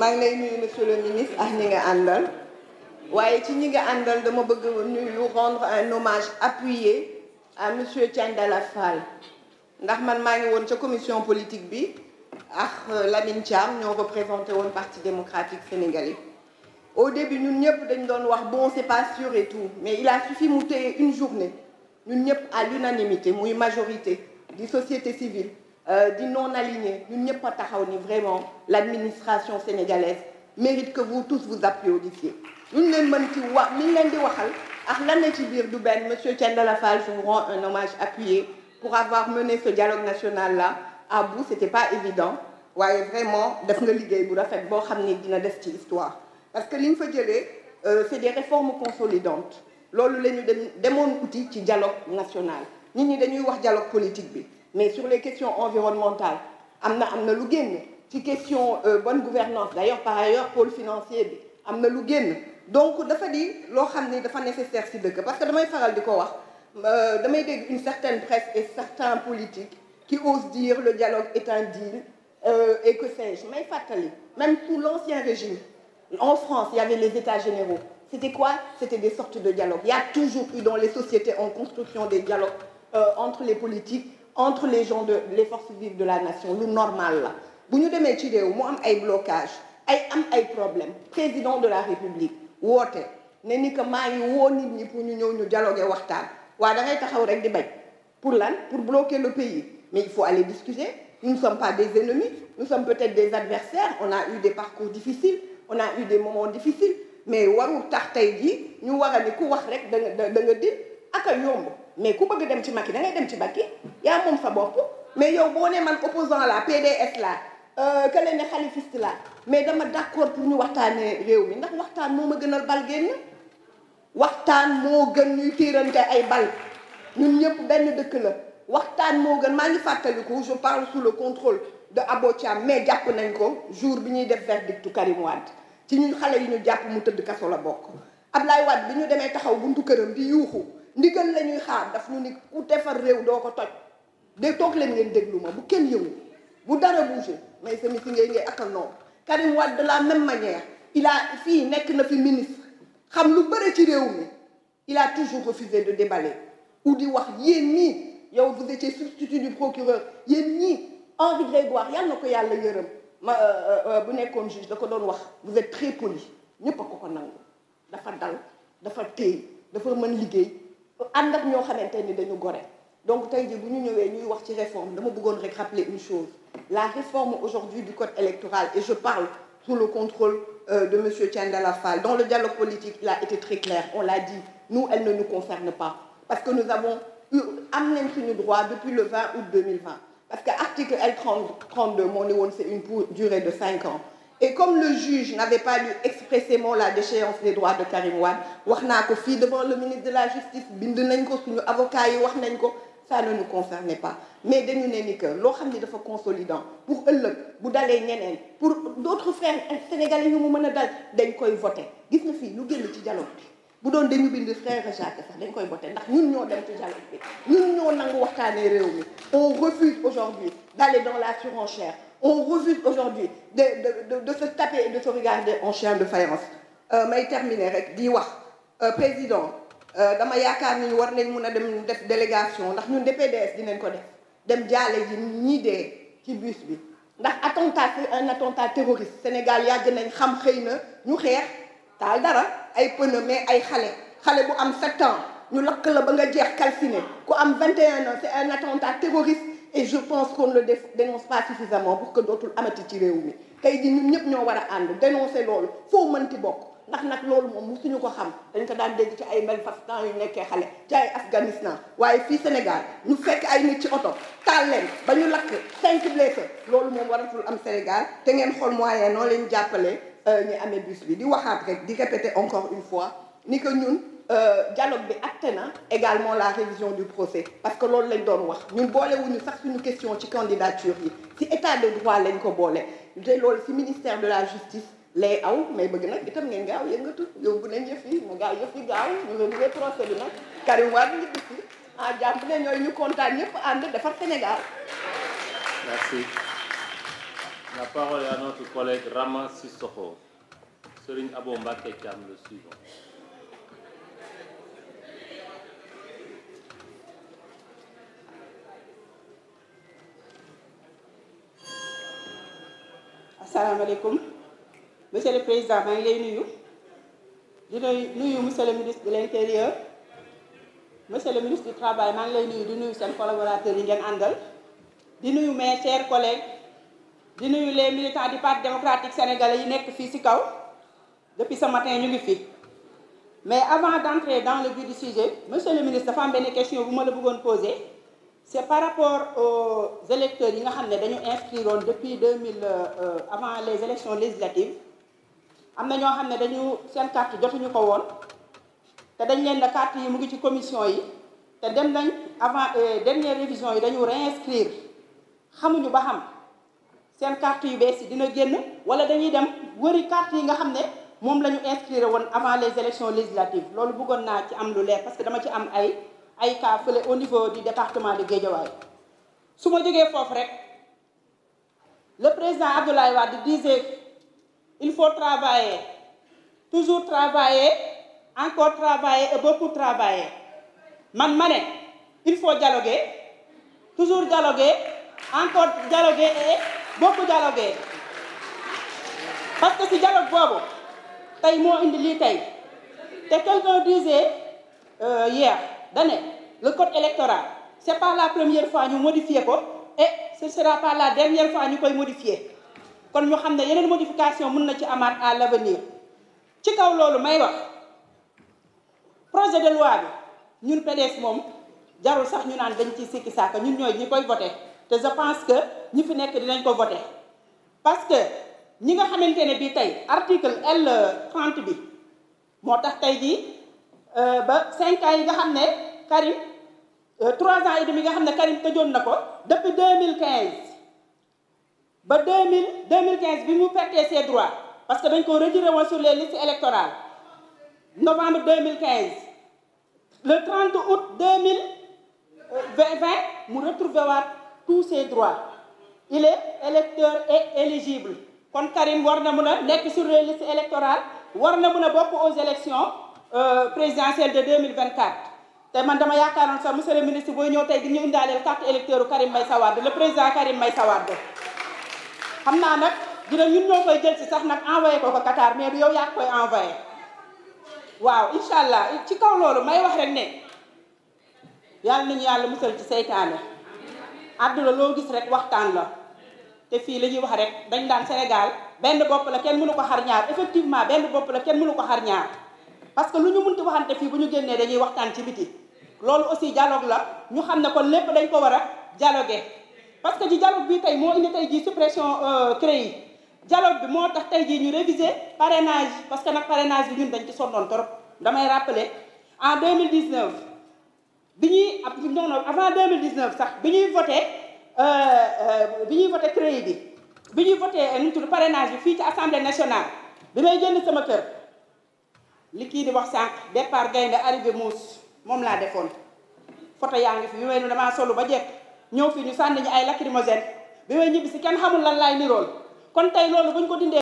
maa ngi lay nuyu monsieur le ministre ak ah, ñi nga àndal waaye ci ñi nga àndal dama bëgg nuyu rendre un hommage appuyé à monsieur Thiandala Fall ndax man maa ngi woon ca commission politique bi ak euh, Lamine Thiam ñoo représenté woon parti démocratique sénégalais au début ñun ñëpp dañ doon wax bon c'est pas sûr et tout mais il a suffi mu téye une journée ñun ñëpp à l'unanimité muy majorité di société civile Euh, di non alignés ñun ñëpp a taxaw ni vraiment l' administration sénégalaise mérite que vous tous vous applaudissiez luñ leen mën ci wax liñ leen di waxal ak ah lan la ci biir du benn monsieur Thiendella Fall je vous rends un hommage appuyé pour avoir mené ce dialogue national la à bout c' pas évident waaye vraiment def nga liggéey bu rafet boo xam ni dina def ci histoire parce que li liñ fa jëlee euh, c' est des réformes consolidantes loolu la ñu dem demoon uti ci dialogue national nit ñi dañuy wax dialogue politique bi mais sur les questions environnementales am na am na lu génn ci question euh, bonne gouvernance d'ailleurs par ailleurs pôle financier bi am na lu génn donc dafa di loo xam ni dafa nécessaire ci dëkk parce que damay faral di ko wax euh, damay dégg une certaine presse et certains politiques qui osent dire le dialogue est un euh, et que sais-je may fàttali même sous l'ancien régime en France il y avait les états généraux c'était quoi c'était des sortes de dialogues il y a toujours eu les sociétés en construction des dialogues euh, entre entre les gens de les forces vives de la nation lu normal la bu ñu demee ci réew mu am ay blocage ay am ay problème président de la république woote ne ni que maa ngi woo nit ñi pour ñu ñëw ñu dialoguer waxtaan waa da ngay taxaw rek di bañ pour lan pour bloquer le pays mais il faut aller discuter nous ne sommes pas des ennemis nous sommes peut-être des adversaires on a eu des parcours difficiles on a eu des moments difficiles mais warul tax tey jii ñu war a ku wax rek da da nga di ak a mais ku bëgg dem ci Macky da ngay dem ci Macky yaa moom sa bopp mais yow boo ne man opposant la PDS la keneen euh, leen ne xalifiste la mais dama d'accord pour ñu waxtaanee réew mi ndax waxtaan moo ma gënal bal génn waxtaan moo gën ñuy tiirante ay bal ñun ñëpp benn dëkk la waxtaan moo gën maa ngi fàttaliku je parle sous le contrôle de Abo mais jàpp nañ ko jour bi ñuy def verdictu Karim Wade ci ñun xale yi ñu jàpp mu tëdd kaso la bokk Ablaye Wade bi ñu demee taxaw buntu këram di yuuxu ndigal la ñuy xaar daf ñu ni ku defar réew doo ko toj de toog leen ngeen déglu ma bu kenn yëngu bu dara bougé mais sa meeting ngay ngay akal noonu Karim Wade de la manière il a fii nekk na fi ministre xam lu bëri ci réew mi il a toujours refusé de déballer ou di wax yéen ñii yow vous étiez substitut du procureur yéen ñii Henri Grégoire yàlla na ko yàlla yërëm ma euh, euh, euh, bu nekkoon juge da ko doon wax vous êtes très poli ñëpp a ko ko nangu dafa dal dafa téy dafa mën liggéey ànd ak ñoo xamante ni dañu gore donc tey jii bu ñu ñëwee ñuy wax ci réforme dama bëggoon rek rappeler une chose la réforme aujourd'hui du le contrôle euh, de monsieur Tiandala Fall dans le dialogue a parce que nous avons eu am nañ suñu droit le 20 parce que article L32 moo ne woon c'est une pour durée de cinq ans la déchéance des droits wax naa ko fii devant le ministre bind nañ ko suñu avocat yi wax nañ ko ça ne nous concernait pas mais dañu ne ni que loo xam ne dafa consolidant pour ëllëg bu dalee ñeneen pour d'autres frères sénégalais yu mu mën a dal dañ koy voté gis na fii ñu génn ci dialogue bi bu doon dañu bind frère Jacques sax dañ koy voté ndax ñun ñoo dem ci dialogue bi ñun ñoo nangu waxtaanee réew mi on refuse aujourd'hui d'aller dans la surenchère on refuse aujourd'hui de de de se taper et de se regarder en chien de faïence euh, may terminer rek di wax euh, président Euh, dama yaakaar ni war nañ mun a dem def délégation ndax ñun DPDS dinañ ko def dem jaale ji ñii dee ci bus bi ndax attentat c'est un attentat terroriste Sénégal yàgg nañ xam xëy na ñu xeex taal dara ay pneu mais ay xale xale bu am sept ans ñu lakk la ba nga jeex calciné ku am 21 ans c'est un attentat terroriste et je pense qu'on le dénonce pas suffisamment pour que dootul amati ci réew mi tey ji ñun ñëpp ñoo war a ànd dénoncer loolu foo mënti bokk ndax nag loolu moom suñu ko xam dañ ko daan dégg ci ay manifestant yu nekkee xale ci ay Afghanistan waaye fii Sénégal ñu fekk ay nit ci oto taal leen ba ñu lakk cinq blessés loolu moom waratul am Sénégal te ngeen xool moyen noonu leen jàppale euh, ñu amee bus bi di waxaat rek di répéter encore une fois ni que ñun euh, dialogue bi acté na également la révision du procès parce que loolu lañ doon wax ñun boolewuñu sax suñu question ci candidature yi ci état de droit ko boole te loolu ci de la justice lay aw may bëgg nag itam ngeen gaaw yëngatu yóbbu nañ yëf yi mu gaaw yëf yi gaaw ñu remuer procès bi nag Karim Wade ñu gis ci ah jàpp ne ñooy ñu kontaan ñëpp ànd defar Sénégal. merci. La parole est à notre collègue Rama Sissoko. Serigne Abo Mbacké Thiam le suivant. asalaamaaleykum. monsieur le président maa ngi lay nuyu di nuyu monsieur le ministre de l' monsieur le ministre du travail maa ngi lay nuyu di nuyu seen collaborateurs yi ngeen àndal di nuyu mais chers collègues di nuyu les militant du parti démocratique sénégalais yi nekk fii ci kaw depuis ce matin ñu ngi fi. mais avant d' entrer dans le vif du sujet monsieur le ministre dafa am benn question bu ma la bëggoon poser c' par rapport aux électeurs yi nga xam ne dañu inscriroon depuis 2000 euh, avant les élections législatives am na ñoo xam ne dañu seen carte jotuñu ko woon te dañ leen ne carte yi mu ngi ci commission yi te dem nañ avant euh, dernière révision yi dañu réinscrire xamuñu ba xam seen carte yu bees yi dina génn wala dañuy dem wëri carte yi nga xam ne moom la ñu inscrire woon avant les élections législatives loolu bëggoon naa ci am lu leer parce que dama ci am ay ay cas fële au niveau di département de Guédiawaye su ma jógee foofu rek le président Abdoulaye Wade disait Il faut travailler, toujours travailler, encore travailler et beaucoup travailler. Man mané, il faut dialoguer, toujours dialoguer, encore dialoguer et beaucoup Parce que si dialogue bobo, tay mo indi li tay. quelqu'un disait euh, hier, donné, le code électoral, c'est pas la première fois ñu modifier ko et ce sera pas la dernière fois ñu pouvons modifier. kon ñu xam ne yeneen modification mun na ci amaat à l'avenir ci kaw loolu may wax projet de loi bi ñun PDS moom jarul sax ñu naan dañ ciy sikki saaka ñun ñooy ñi koy voté te je pense que ñi fi nekk dinañ ko voté parce que ñi nga xamante ne bii tey article L 30 bi moo tax tey jii euh, ba 5 ans yi nga xam ne Karim 3 euh, ans et demi nga xam ne Karim tëjoon na ko depuis 2015. ba 2000 2015 bi mu pertee ses droits parce que dañ ko retiré woon sur les listes électorales novembre 2015 le 30 août 2020 mu retrouvé waat tous ses droits il est électeur et éligible kon Karim war na mën a nekk sur les listes électorales war na mën a bokk aux élections euh, présidentielles de 2024 te man dama yaakaaroon sax monsieur le ministre booy ñëw tey di ñu indaaleel carte électeur u Karim Meïssa Wade le président Karim Meïssa Wade xam naa nag dina ñun ñoo koy jël si sax nag envoyé koo ko Qatar mais du yow yaa koy envoyé waaw incha allah ci kaw loolu may wax rek ne yàlla nañu yàlla musal ci seytaane àdduna loo gis rek waxtaan la te fii la ñuy wax rek dañ daan Sénégal benn bopp la kenn mënu ko xar ñaar effectivement benn bopp la kenn mënu ko xar ñaar parce que lu ñu munti waxante fii bu ñu génnee dañuy waxtaan ci biti loolu aussi dialogue la ñu xam ne ko lépp dañ ko war a dialoguer parce que ji dialogue bi tey moo indi tey ji suppression euh, CREI yi dialogue bi moo tax tey jii ñu réviser parrainage parce que nag parrainage bi dañ ci sonnoon trop damay rappeler en 2019 bi ñuy ab non avant 2019 sax bi ñuy voté euh, euh, bi ñuy voté CREI bi bi ñuy voté nu mu bi fii ci assemblée nationale bi may jënd sama kër li kii di wax sànq départ gaynde arrivé muus moom laa defoon photo yaa ngi fi bi may damaa solu ba jekk ñëw fii ñu sànni ñu ay lacrymogène bi may ñibbi kenn xamul lan laay nirool kon tey loolu buñ ko dindee